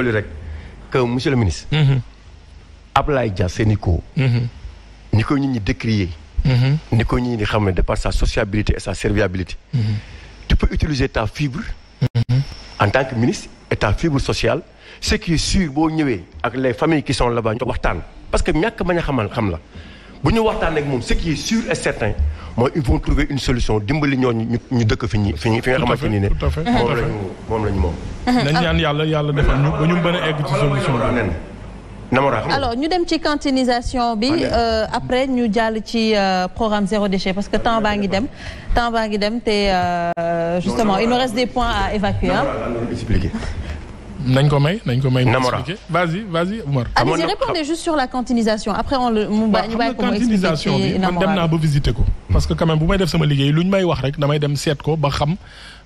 rappeler rek que monsieur le ministre. Mm-hmm. Ablaye Dia Sénico. Mm-hmm. ni ko nit ñi décrier. Mm-hmm. ni ko nit ñi xam ne de par sa sociabilité et sa serviabilité. tu peux utiliser ta fibre. en tant que ministre et fibre sociale. ce qui est boo ñëwee ak les familles qui sont là-bas waxtaan parce que ñàkk bañ a xamal xam la bu ñu waxtaan ak moom ce qui est et certain. mooy ils vont trouver une solution dimbali ñooñu ñu ñu dëkk fi ñi fi ñi ni ne. moom lañu moom lañu nañu yàlla yàlla defal ñu ba ñu mën a egg ci solution bi. alors ñu dem ci cantinisation bi euh, après ñu jàll ci euh, programme zéro déchet parce que temps baa ngi dem temps baa ngi dem te euh, justement il nous reste des points à évacuer. nañ ko may nañ ko may. Namora vas-y vas-y Omar. allez-y répondez juste sur la cantinisation après on le ko bi man dem naa ba visiter ko. parce que quand même bu may def sama liggéey lu ñu may wax rek damay dem seet ko ba xam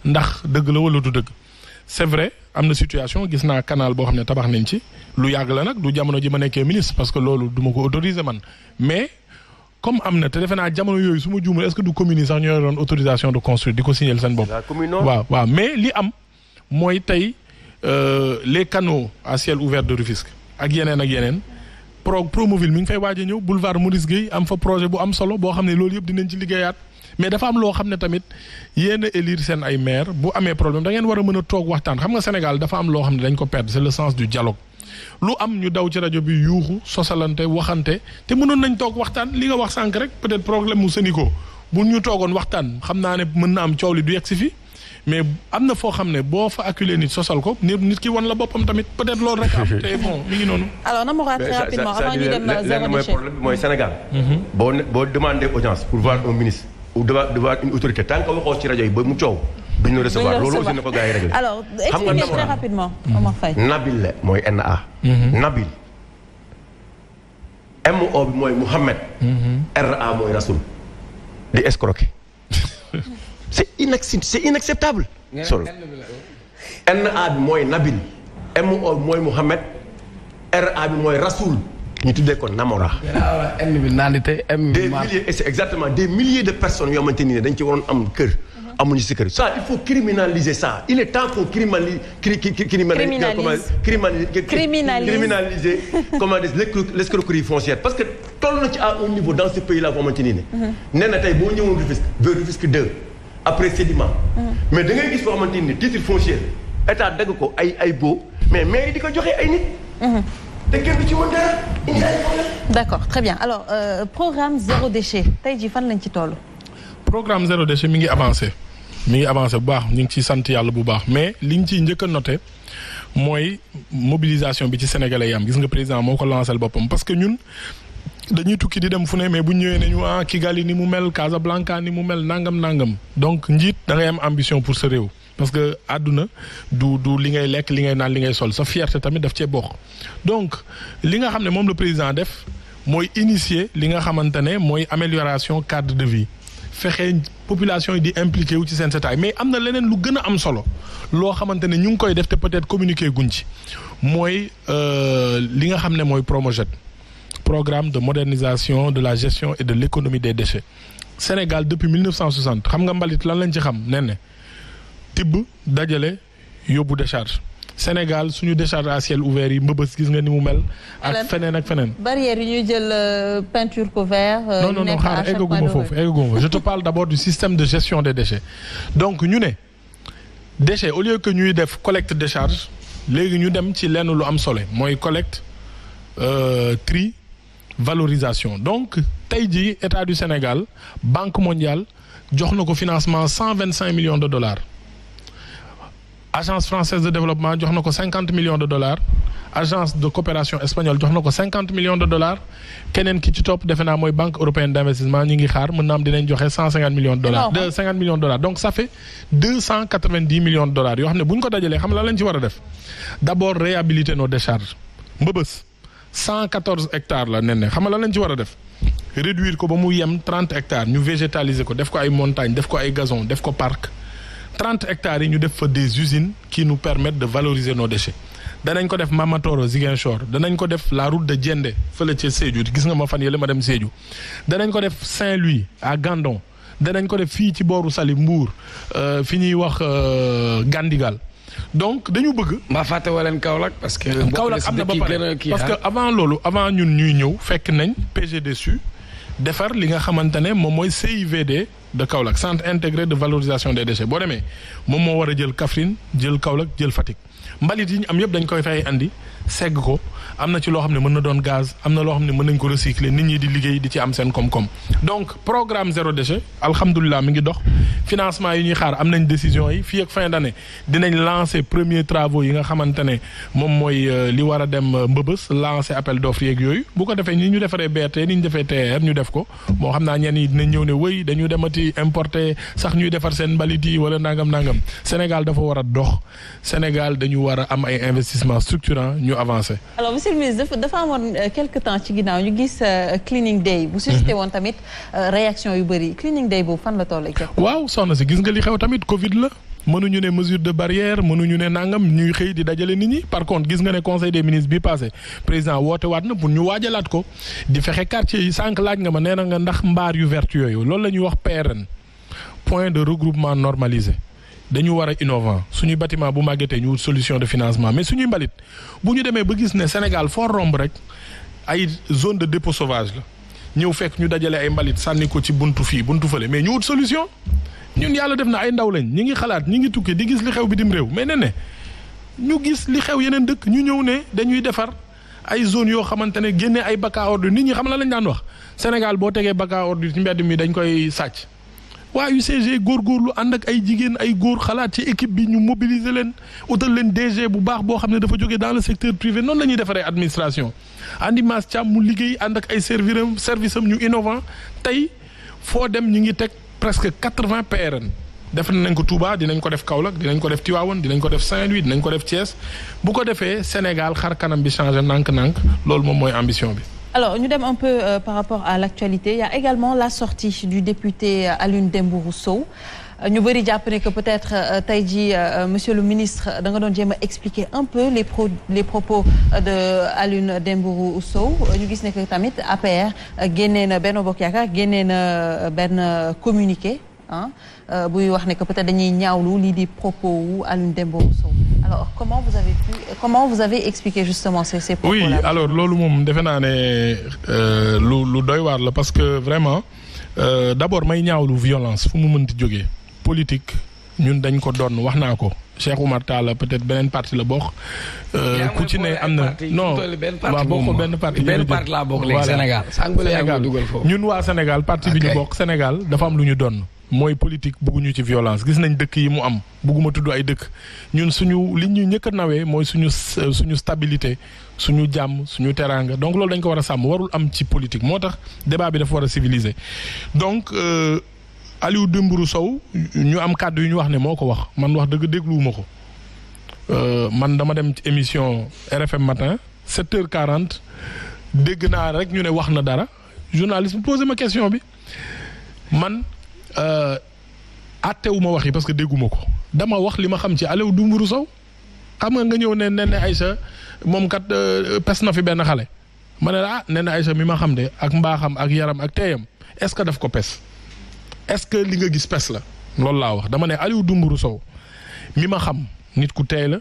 ndax dëgg la wala du dëgg. c'est vrai am na situation gis naa canal boo xam ne tabax nañ ci lu yàgg la nag du jamono ji ma nekkee ministre parce que loolu du ma ko autoriser man mais. comme am na te defe naa jamono yooyu su ma juumul est-ce que du commune yi sax ñoo doon autorisation seen bopp. waaw waaw mais li am mooy tey Euh, les canaux à ciel ouvert de Rufisque ak yeneen ak yeneen pro Promoville mi ngi fay waaj a ñëw boulevard Maurice Gueye am fa projet bu am solo boo xam ne loolu yëpp dinañ ci liggéeyaat mais dafa am loo xam ne tamit yéen a élire seen ay maire bu amee problème da ngeen war a mën a toog waxtaan xam nga Sénégal dafa am loo xam ne dañ ko perdre c'est le sens du dialogue lu am ñu daw ci rajo bi yuuxu sosalante waxante te mënoon nañ toog waxtaan li nga wax sànq rek peut-être problème mu Sénico bu ñu toogoon waxtaan xam naa ne mën na am coow li du si fii mais am na foo xam ne boo fa acculé nit sosal ko nit ki wan la boppam tamit peut-être loolu rek am te ngi noonu. alors na mu raad très mooy problème mooy mhm. boo boo demandé pour voir un ministre ou devant rajo yi ba mu coow. duñu la recevoir loolu aussi na ko gars yi réglé. alors NA. Nabil. MO mhm. bi mooy Mouhamed. Mhm. RA mooy Rasoul. di escroquer. c'est inac c'est inacceptable. solo NA bi mooy Nabil. MO mooy Mouhamed. RA bi mooy Rasoul. ñu tuddee ko Namora. Ah, N bi naanite M bi. des milliers et c'est exactement des milliers de personnes yoo xamante ni dañ ci waroon am kër. Mhm. amuñu si kër ça il faut criminaliser ça il est temps qu'on criminalise criminalise criminaliser comment dire l'escroquerie foncière parce que toll na ci à un niveau dans ce pays là boo xamante ni ne. Mhm. nee na tey boo ñëwoon Rufisque vers Rufisque 2. après sédiment. Mm. mais da ngay gis boo xamante ni titre foncier état dagg ko ay ay boo mais mais di ko joxe ay nit. Mm-hmm. te kenn du ci mën dara indi ay problème. d'accord très bien alors euh, programme zéro déchet tey jii lañ ci toll. programme zéro déchet mi ngi avancé mu ngi avancé bu baax ñu ngi ciy sant yàlla bu baax mais liñ ciy njëkk a noté mooy mobilisation bi ci sénégalais yi gis nga président moo ko lancé boppam parce que ñun. dañuy tukki di dem fu ne mais bu ñëwee nañu ah Kigali ni mu mel Casablanca ni mu mel nangam nangam donc njiit dangay am ambition pour sa réew. parce que àdduna du du li lekk li ngay naan li ngay sol sa fierté daf cee bokk donc li nga xam ne moom le président def mooy initier li nga xamante ne mooy amélioration cadre de vie fexe population yi di impliqué wu ci seen setaay mais am na leneen lu gën a am solo loo xamante ne ñu ngi koy def te peut-être communiqué guñ ci mooy euh, li nga xam ne mooy Promojet programme de modernisation de la gestion et de l'économie des déchets Sénégal depuis 1960 xam nga mbalit lan lañ ci xam nee ne tibb dajale yóbbu décharge Sénégal suñu décharge à ciel ouvert yi mbëbës gis nga ni mu mel. ak feneen ak feneen. barrière yi ñuy jël euh, peinture couvert. Euh, non no non xaar eggaguma foofu eggaguma je te parle d'abord du système de gestion des déchets donc ñu ne déchets au lieu que ñuy def collecte décharge léegi ñu dem ci lenn lu am solo mooy collecte euh, tri. valorisation donc tey jii état du Sénégal banque mondiale jox na ko financement cent vingt cinq millions de dollars agence française de développement jox na ko cinquante millions de dollars agence de coopération espagnole jox na ko cinquante millions de dollars keneen ki ci topp defe naa mooy banque européenne d' ñi ngi xaar mën na am dinañ joxe cent cinquante millions de dollars. de cinquante millions de dollars donc ça fait deux cent quatre vingt dix millions de dollars yoo xam ne bu ko dajalee xam la lañ ci war a def d' abord réhabiliter nos mbëbës. cent quatorze hectares la nen ne xam nga lan lañ ci war a def réduire ko ba mu yem trente hectares ñu végétaliser ko def ko ay montagnes def ko ay gazon def ko parc trente hectares yi ñu def fa des usines qui nu permettent de valoriser nos déchets danañ ko def Mamatoro Ziguinchor danañ ko def la route de Diendé fële ca Sédhiou gis nga ma fan yële ma dem Sédhiou danañ ko def Saint-Louis à Gandon danañ ko def fii ci booru Sali Mbour euh, fi ñuy wax euh, gàndigal donc dañu bëgg. maa fàtte wala leen parce que. Euh, Kaolack am na ba pare parce que ah. avant loolu avant ñun ñuy ñëw fekk nañ PGDSU defar li nga xamante ne moom mooy CIVD de Kaolack sant intégré de valorisation des déchets boo demee moom moo war a jël Kaffrine jël Kaolack jël Fatick mbalit yi ñu am yëpp dañ koy fay indi segg ko am na ci loo xam ne mën na doon gaz am na loo xam ne mën nañ ko recycler nit ñi di liggéey di ci am seen koom-koom donc programme zéro déchet alhamdulilah mi ngi dox financement yi ñuy xaar am nañ décision yi fii ak fin d'année dinañ lancer premier travaux yi nga xamante ne moom mooy euh, li war a dem euh, mbëbës lancer appel d'offres yeeg yooyu bu ko defee ni ñu defaree BRT ni ñu defee TER ñu def ko moo xam naa ñeen yi dinañ ñëw ne wëy dañu demati importer sax ñuy defar seen mbalit yi wala nangam nangam Sénégal dafa war a dox Sénégal dañu war a am ay investissement structurant ñu avancé. alors monsieur le ministre dafa amoon euh, quelque temps ci ginnaaw ñu gis euh, cleaning day. bu suscité mhm. woon tamit euh, réaction yu bëri cleaning day boobu fan la toll exactement. waaw soxna si gis nga li xew tamit Covid la. mënuñu ne mesure de barrière mënuñu ne nangam ñuy xëy di dajale nit ñi par contre gis nga ne conseil des ministres bi passé président woote waat na pour ñu waajalaat ko di fexe quartier yi sànq laaj nga ma nee na nga ndax mbaar yu vert yooyu loolu la ñuy wax PRN point de regroupement normalisé. dañu war a innovant suñu batiment bu màggetee ñu wut solution de financement mais suñuy mbalit bu ñu demee ba gis ne Sénégal foo romb rek ay zone de dépôt sauvage la ñëw fekk ñu dajale ay mbalit sànni ko ci buntu fii buntu fële mais ñu wut solution ñun yàlla def na ay ndaw lañ ñi ngi xalaat ñi ngi tukki di gis li xew bitim réew mais ne ne ñu gis li xew yeneen dëkk ñu ñëw ne dañuy defar ay zone yoo xamante ne génne ay bac ordu ordures nit ñi xam la lañ daan wax Sénégal boo tegee bac mbedd mi dañ koy sàcc waa UCG góorlu ànd ak ay jigéen ay góor xalaat ci équipe bi ñu mobiliser leen utal leen DG bu baax boo xam ne dafa jóge dans le secteur privé noonu la ñuy defaree administration andi Mass mu liggéey ànd ak ay serviram service am ñu innovant tey foo dem ñu ngi teg presque quatre-vingts PRN def nañ ko Touba dinañ ko def Kaolack dinañ ko def Tivaouane dinañ ko def Saint-Louis dinañ ko def Thiès bu ko defee Sénégal xar kanam bi changé nànk-nànk loolu moom mooy ambition bi alors ñu dem un peu euh, par rapport à l'actualité il y a également la sortie du député euh, Alioune Dembourou Sow euh, ñu bëri jàpp que peut-être tey jii monsieur le ministre da nga doon jéem a expliquer un peu les pro les propos de Alioune Dembourou Sow ñu gis ne que tamit APR génnee na Benno Bokk Yaakaar génnee na benn communiqué Euh, buy wax ne que peut-être dañuy ñaawlu lii di propos wu Alioune Dembo Sow alors comment vous avez pu comment expliqué justement ces propos là alors loolu moom defe naa ne euh, lu lu doy waar la parce que vraiment euh, d'abord may ñaawlu violence fu mu mënti jógee politique ñun dañ ko donn wax naa ko Cheikh Oumar Tall peut-être beneen parti la bokk. ku ci ne am na non waaw bokk benn parti benn parti laa bokk léegi Sénégal. ñun waa Sénégal parti bi ñu bokk Sénégal dafa am lu ñu donn mooy politique bugguñu ci violence gis nañ dëkk yi mu am bugguma tudd ay dëkk ñun suñu li ñu ñëkk a nawee mooy suñu suñu stabilité suñu jàmm suñu teraanga donc loolu dañ ko war a sàmm warul am ci politique moo tax débat bi dafa war a civiliser donc euh, Aliou Dembourou Sow ñu am kàddu yu ñu wax ne moo ko wax man wax dëgg dégluwuma ko euh, man dama dem ci émission RFM matin 7 quarante dégg naa rek ñu ne wax na dara journaliste posé ma question bi man Euh, attewu ma wax yi parce que dégguma ko dama wax li ma xam ci Aliou Dembourou Sow xam nga nga ñëw ne Néné Aïcha moom kat euh, pes na fi benn xale ma ne la ah Néné Aïcha mi ma xam de ak mbaaxam ak yaram ak teeyam est-ce que daf ko pes est-ce que li nga gis pes la loolu laa wax dama ne Aliou Dembourou Sow mi ma xam nit ku teey la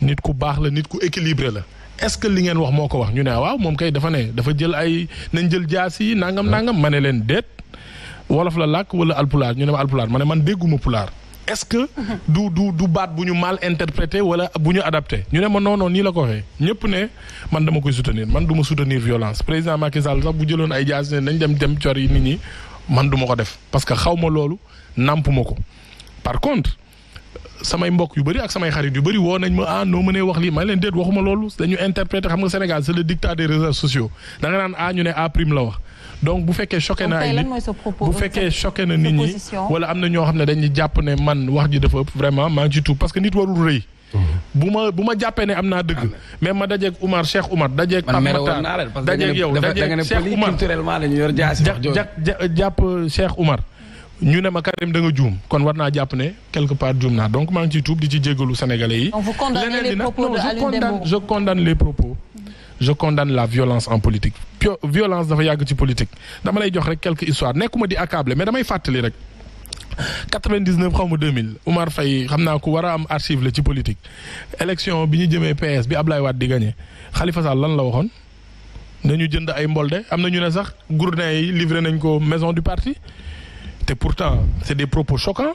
nit ku baax la nit ku équilibré la est-ce que li ngeen wax moo ko wax ñu ne waaw moom kay dafa ne dafa jël ay nañ jël jaas yi nangam nangam ma ne leen déet wolof la làkk wala alpulaar ñu ne ma alpulaar ma ne man dégguma pulaar est-ce que du du du baat bu ñu mal interprété wala bu ñu adapté ñu ne ma non non nii la ko waxee ñëpp ne man dama koy soutenir man du ma soutenir violence président Macky Sall sax bu jëloon ay jaas ne nañ dem dem cor yi nit ñi man duma ko def parce que xaw ma loolu nàmp ma ko par contre samay mbokk yu bëri ak samay xarit yu bari woo nañ ma ah noo mënee wax lii ma leen déet waxuma loolu dañu interprété xam nga Sénégal c'est le dictat naan ah, ñu ne ah prime la wax donc bu fekkee choqué na ay nit bu fekkee choqué na nit ñi wala am na ñoo xam ne dañuy jàpp ne man wax ji dafa ëpp vraiment maa ngi ci tuub parce que nit warul rëy. Mhm. bu ma bu ma jàppee ne am naa dëgg. mais ma dajeeg Umar Cheikh Umar dajeeg. man merewoon naa leen parce que dajeeg yow dajeeg Cheikh Umar culturellement ñu ne ma Karim da nga juum kon war naa jàpp ne quelque part juum naa donc maa ngi ciy tuub di ci jéggalu sénégalais yi. leneen li nag non condamne je propos je condamne la violence en politique violence dafa yàgg ci politique dama lay jox rek quelques histoires nekkuma di accabler mais damay fàttali rek 99 xaw ma 2000 Oumar Faye xam naa ko war am archive la ci politique élection bi ñu jëmee PS bi Ablaye Wade di gagné xalifa Sall lan la waxoon nañu jënd ay mbolde am na ñu ne sax gourdin yi livré nañ ko maison du parti te pourtant c'est des propos choquants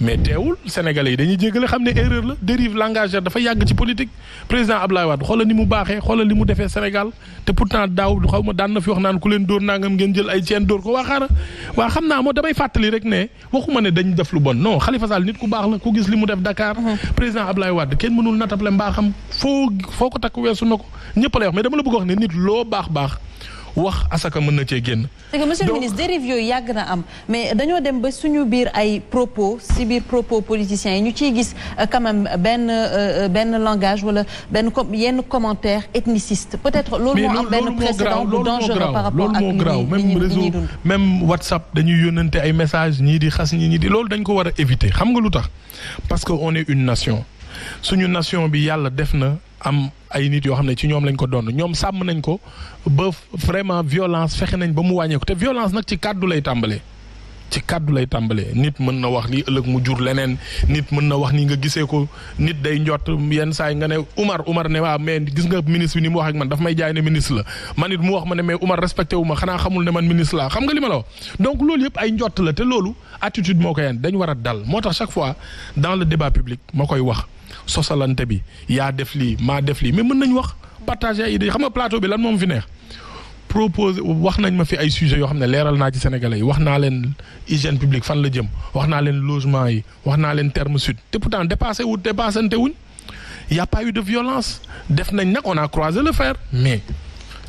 mais teewul sénégalais yi dañuy jéggale xam ne erreur la dérive langagière dafa yàgg ci politique président Ablaye Wade xoolal ni mu baaxee xoolal li mu defee Sénégal te pourtant daaw xaw ma daan na fi wax naan ku leen dóor nangam ngeen jël ay ceen dóor ko waa xaara waa xam naa moo damay fàttali rek ne waxuma ne dañ def lu bon non Khalifa Sall nit ku baax la ku gis li mu def Dakar. Mhm. président Ablaye Wade kenn mënul natable mbaaxam foo foo ko takk weesu na ko ñëpp lay wax mais dama la bëgg wax ne nit loo baax baax. wax asaka mën na cee génn. c'est que monsieur le ministre dérive yooyu yàgg na am mais dañoo dem ba suñu biir ay propos si biir propos politiciens yi ñu ciy gis euh, quand même benn euh, benn langage wala benn yenn commentaire ethniciste peut-être loolu moo am benn précédent bu dangereux par rapport ak loolu moo graaw même réseau même WhatsApp dañuy yónnante ay messages ñii di xas ñii di loolu dañ ko war a éviter xam nga lu tax parce que on est une nation suñu nation bi yàlla def na. am ay nit yoo xam ne ci ñoom lañ ko doon ñoom sàmm nañ ko ba vraiment violence fexe nañ ba mu wàññeeku te violence nag ci kàddu lay tàmbalee. ci kàddu lay tàmbalee nit mën na wax lii ëllëg mu jur leneen nit mën na wax nii nga gisee ko nit day njott yenn saa nga ne Umar Umar ne waa mais gis nga ministre bi mu wax man daf may jaay ne ministre la man it mu wax ma ne mais Umar respecté ma xanaa xamul ne man ministre laa xam nga li ma la wax. donc loolu yëpp ay la te loolu attitude moo koy yan war a moo tax chaque fois dans le débat public ma koy wax. sosalante bi yaa def lii maa def lii mais mën nañ wax partager ay idées xam nga plateau bi lan moom fi neex proposé wax nañ ma fi ay sujets yoo xam ne leeral naa ci sénégalais yi wax naa leen hygiène publique fan la jëm wax naa leen logement yi wax naa leen terme sud te pourtant dépassé wu dépassante wuñ y a de violence def nañ na on naa croiser le fer mais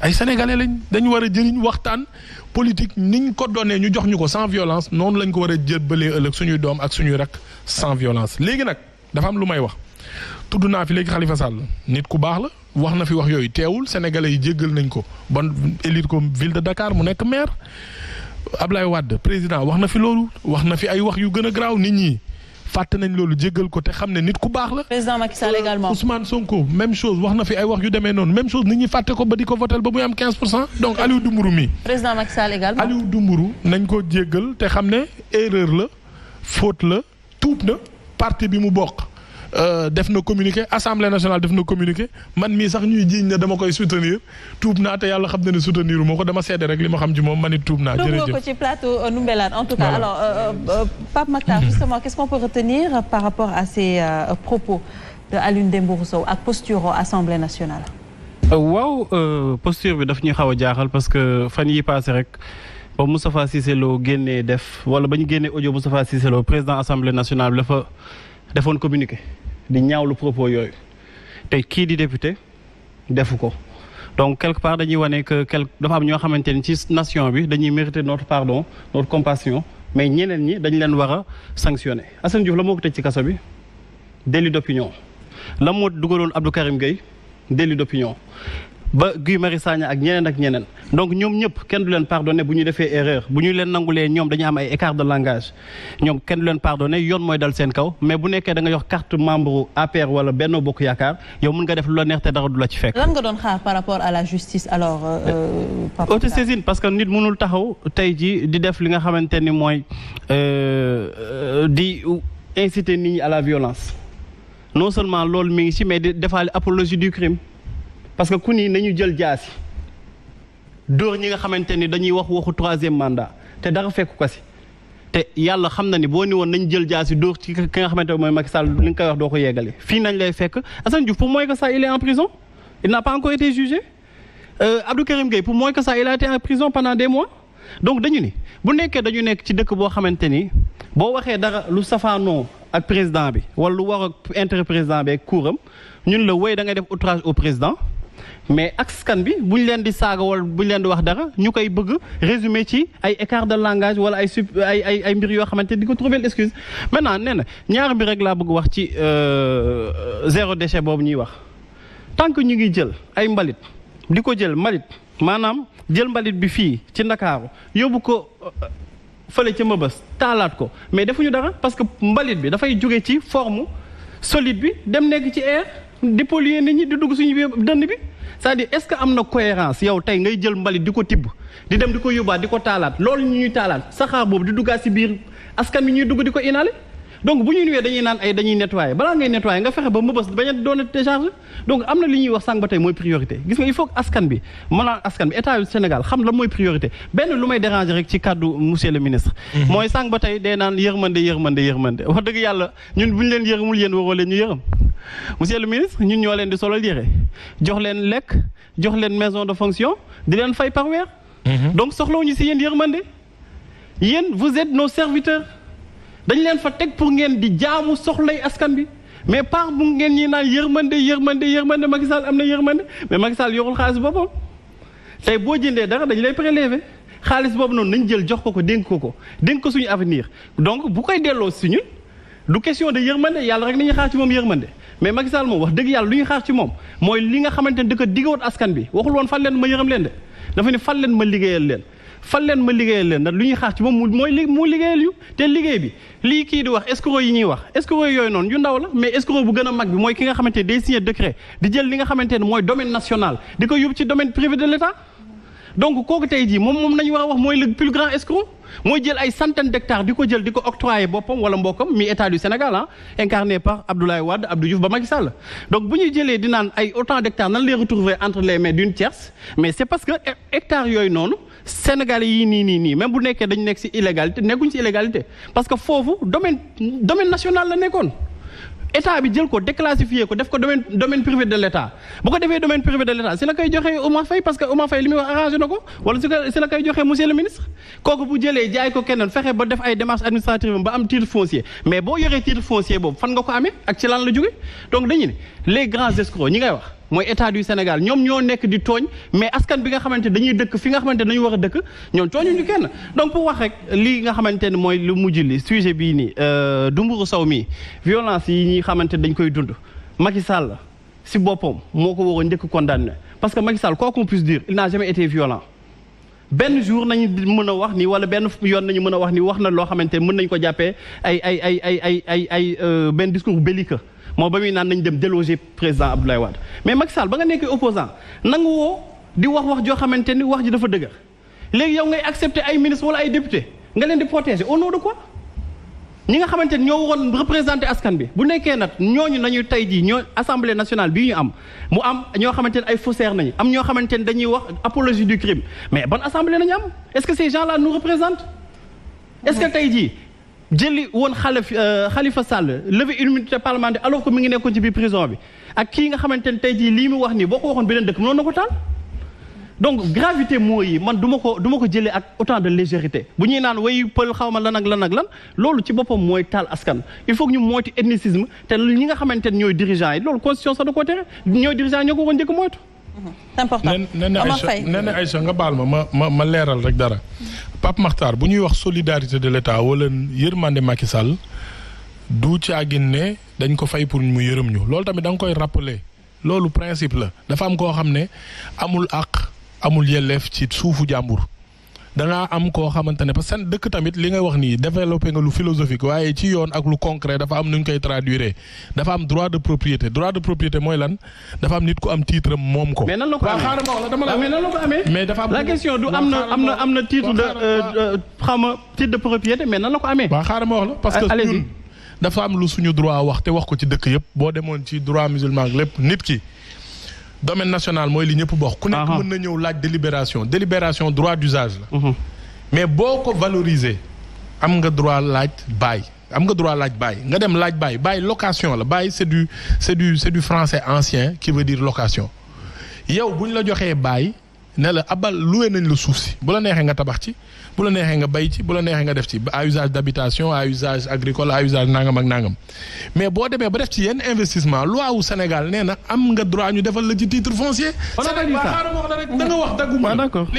ay sénégalais lañ dañ war a jëriñ waxtaan politique niñ ko donnee ñu jox ñu ko sans violence noonu lañ ko war a jëbalee ëllëg suñuy doom ak suñuy rak sans léegi nag dafa am lu may wax tudd naa fi léegi xalifa Sall nit ku baax la wax na fi wax yooyu teewul sénégalais yi jéggal nañ ko bon élire ko ville de Dakar mu nekk maire Ablaye Wade président wax na fi loolu wax na fi ay wax yu gën a garaaw nit ñi fàtte nañ loolu jéggal ko te xam ne nit ku baax la. président Macky Sall également Ousmane Sonko même chose wax na fi ay wax yu demee noonu même chose nit ñi fàtte ko ba di ko votel ba muy am 15 pour cent donc Aliou Dumburu mi. président Macky Sall également Aliou Dumburu nañ ko jéggal te xam ne erreur la faute la tuub na parti bi mu bokk. Euh, def na communiqué assemblée nationale def na communiqué man mii sax ñuy jiiñ ne dama koy soutenir tuub naa te yàlla xam na ne soutenir moo ko dama seede rek li ma xam ci moom man it tuub naa. jërëjëf ko ci plateau euh, Ndoumbelane en tout cas alors euh, Pape Makhtar mhm. justement qu'est-ce qu'on peut retenir par rapport à ces propos de Alioune Dembourou Sow ak posture assemblée nationale. waaw posture bi daf ñuy xaw a jaaxal parce que fan yi paase rek. ba Moustapha Cissé Lo génnee def wala ba ñu génnee audio Moustapha Cissé Lo président assemblée nationale dafa defoon communiqué di ñaawlu propos yooyu te kii di député defu ko donc quelque part dañuy wane que dafa am ñoo xamante ni ci nation bi dañuy mériter notre pardon notre compassion mais ñeneen ñi dañ leen war a sanctionner Assane la moo ko tëj ci kaso bi délit d'opinion la moo dugaloon Abdou Karim Gueye délit d'opinion ba Guy Marius Sagna ak ñeneen ak ñeneen donc ñoom ñëpp kenn du leen pardonné bu ñu defee erreur bu ñu leen nangulee ñoom dañu am ay écart de langage ñoom kenn du leen pardonné yoon mooy dal seen kaw mais bu nekkee da nga jox carte membre APR wala Benno Bokk Yaakaar yow mën nga def lu la neex te dara du la ci fekk. lan nga doon xaar par rapport euh, euh, parce que nit mënul taxaw tey ji di def li nga xamante ni mooy euh, di inciter nit ñi à la violence non seulement loolu mi ngi ci mais di defaale apologie du parce que ku nii nañu jël jaasi dóor ñi nga xamante ni dañuy wax waxu troisième mandat te dara fekk ko si te yàlla xam na ni boo ni woon nañ jël jaasi dóor ci ki nga xamante ne mooy Macky nga koy wax doo ko yeggale fii nañ lay fekk Assane Diouf pour moins que ça il est en prison il n'a pas encore été jugé euh, Abdou Karim Gueye pour moins que ça des mois donc dañu ni bu nekkee dañu nekk ci dëkk boo xamante ni boo waxee dara lu safaanoo ak président bi wala lu war ak intérêt président bi ak kuuram ñun la woy da ngay def outrage au président mais askan bi bu ñu leen di saaga wala bu ñu leen di wax dara ñu koy bëgg résumé ci ay écart de langage wala ay sub ay ay ay mbir yoo xamante di ko trouver l'excuse maintenant nee na ñaar bi rek laa bëgg wax ci euh, euh, zéro déchet boobu ñuy wax tant que ñu ngi jël ay mbalit di ko jël mbalit maanaam jël mbalit bi fii ci Ndakaaru yóbbu ko euh, fële ca Mbëbës taalaat ko mais defuñu dara parce que mbalit bi dafay jóge ci formu solide bi dem nekk ci air dépolluer nit ñi di dugg suñu biir dënn bi c'est-à-dire est-ce que am na cohérence yow tey ngay jël mbalit di ko tibb di dem di ko yóbbaat di ko taalaat lool ñu ñuy taalaat saxaar boobu di duggaat si biir askan bi ñuy dugg di ko inhaler donc bu ñu ñëwee dañuy naan ay dañuy nettoyer balaa ngay nettoyer nga fexe ba mëbës bañ a doon décharge donc am na li ñuy wax sànq ba tey mooy priorité gis nga il faut que askan bi maanaam askan bi état yu Sénégal xam la mooy priorité benn lu may déranger rek ci kàddu monsieur le ministre mhm. mooy sànq ba tey day wax dëgg yàlla ñun bu ñu leen yërëmul yéen waroo leen ñu yërëm monsieur le ministre ñun ñoo leen di solal yére jox leen lekk jox leen maison de fonction di leen fay par weer. Mhm. donc soxlawuñu si yéen yërmande yéen vous êtes nos serviteurs dañ leen fa teg pour ngeen di jaamu soxlay askan bi mais par bu ngeen ñi naan yërmande yërmande yërmande Macky Sall am na yërmande mais Macky Sall yorul xaalis boppam tey boo jëndee dara dañ lay prélever xaalis boobu noonu nañ jël jox ko ko dénk ko ko dénk ko suñu avenir donc bu koy delloo si ñun du question de yërmande yàlla rek nañu xaar ci moom yërmande mais Macky Sall moom wax dëgg yàlla lu ñuy xaar ci moom mooy li nga xamante ne da ko diggawoon askan bi waxul woon fal leen ma yërëm leen de dafa fal leen ma liggéeyal leen fal leen ma liggéeyal leen ndax lu ñuy xaar ci moom mooy li mu liggéeyal yu te liggéey bi lii kii di wax escroc yi ñuy wax escroc yooyu noonu yu ndaw la mais escroc bu gën a mag bi mooy ki nga xamante ne day signé décret di jël li nga xamante ne mooy domaine national di ko ci domaine donc kooku tey ji moom moom nañu war a wax mooy le plus grand escroc mooy jël ay centaine d'hectares di ko jël di ko octroyer boppam wala mbokkam mi état du Sénégal ah incarné par Abdoulaye Wade Abdou Diouf ba Macky Sall donc bu ñu jëlee dinan naan ay autant d'hectares nan les retrouver entre les mains d'une mais c'est parce que hectares yooyu noonu Sénégalais yi nii nii nii même bu nekkee dañ nekk ci illégalité nekkuñ ci illégalité parce que foofu domaine domaine national la nekkoon état bi jël ko déclassifié ko def ko domaine domaine privé de l' état bu ko defee domaine privé de l' état si la koy joxee Oumar Faye parce que Oumar Faye li muy wax arrangé na ko wala si si la koy joxee monsieur ministre kooku bu jëlee jaay ko keneen fexe ba def ay démarches administratives ba am titre foncier mais boo yoree titre foncier boobu fan nga ko amee ak ci la jóge donc dañu ne les grands escrocs ñi wax mooy état du Sénégal ñoom ñoo nekk di tooñ mais askan bi nga xamante dañuy dëkk fi nga xamante dañuy war a dëkk ñoom tooñuñu kenn donc pour wax rek lii nga xamante ne mooy lu mujj li sujet bii nii euh, Dumburu Sow mii violence yi ñi ñuy xamante dañ koy dund Macky Sall si boppam moo ko waroon njëkk condamné parce que Macky Sall quoi qu'on puisse dire il n'a jamais été violent benn jour nañu mën a wax nii wala benn yoon nañu mën a wax ni wax na loo xamante mën nañ ko jàppee ay ay ay ay ay ay euh, benn discours belliqueux moo ba muy naan nañ dem déloger président Abdoulaye Wade mais Macky saal ba nga nekkee opposant nangu woo di wax wax joo xamante ni wax ji dafa dëgër léegi yow ngay accepter ay ministre wala ay député nga leen di protéger au nom de quoi ñi nga xamante ni ñoo waroon représenté askan bi bu nekkee nag ñooñu nañu tey jii ñoo assemblée nationale bi ñu am mu am ñoo xamante ne ay faussaires nañu am ñoo xamante ne dañuy wax apologie du crime mais ban assemblée nañu am est-ce que ces gens là est-ce que tey jii jëli woon xalif xalifa euh, Sall levé immunité parlementaire alors que mi ngi nekkoon ci biir prison bi ak kii nga xamante ne tey jii lii mu wax nii boo ko waxoon beneen dëkk mënoon na ko taal donc gravité moo yi man du ma ko du ko jëlee ak autant de légèreté bu ñuy naan wayu pël xaw ma lan ak lan lan loolu ci boppam mooy taal askan il faut que ñu moytu ethnicisme te ñi nga xamante ne ñooy dirigeants yi loolu constitution sax da koo tere ñooy dirigeants ñoo ko woon njëkk moytu c'est important Nene Aïcha Nene nga baal ma ma ma ma leeral rek dara. Pape maxtar bu ñuy wax solidarité de l'État wala yërmande Macky Sall du caagin ne dañ ko fay pour mu yërëm ñu loolu tamit da nga koy rappeler loolu principe la dafa am koo xam ne amul àq amul yelleef ci suufu jàmbur. dangaa am koo xamante ne parce que seen dëkk tamit li ngay wax nii développé nga lu philosophique waaye ci yoon ak lu concret dafa am nu ñu koy traduire dafa am droit de propriété droit de propriété mooy lan dafa am nit ku am titre moom ko. mais nan la ko amee mais dafa am la question du am na am na am na titre de xam nga euh, euh, titre de propriété mais na la ko amee. waaw xaaral ma wax la parce que ah, ñun dafa am lu suñu droit wax te wax ko ci dëkk yëpp boo demoon ci droit musulman lépp nit ki. domaine national mooy li ñëpp bokk. ku nekk mën na ñëw laaj délibération délibération droit d'usage la. Mhm. mais boo ko valoriser am nga droit laaj bail am nga droit laaj baay nga dem laaj bail bail location la bail c'est du c'est du c'est du français ancien qui veut dire location yow bu ñu la joxee bail ne la abal loué nañ lu suuf si bu la neexee nga tabax ci bu la neexee nga bay ci bu la neexee nga def ci à usage d'habitation à usage agricole à usage nangam ak nangam mais boo demee ba def ci yenn investissement loi wu Sénégal nee na am nga droit ñu defal la ci titre foncier. Sénégal xaaral wax la da nga wax daggu ma. Ah,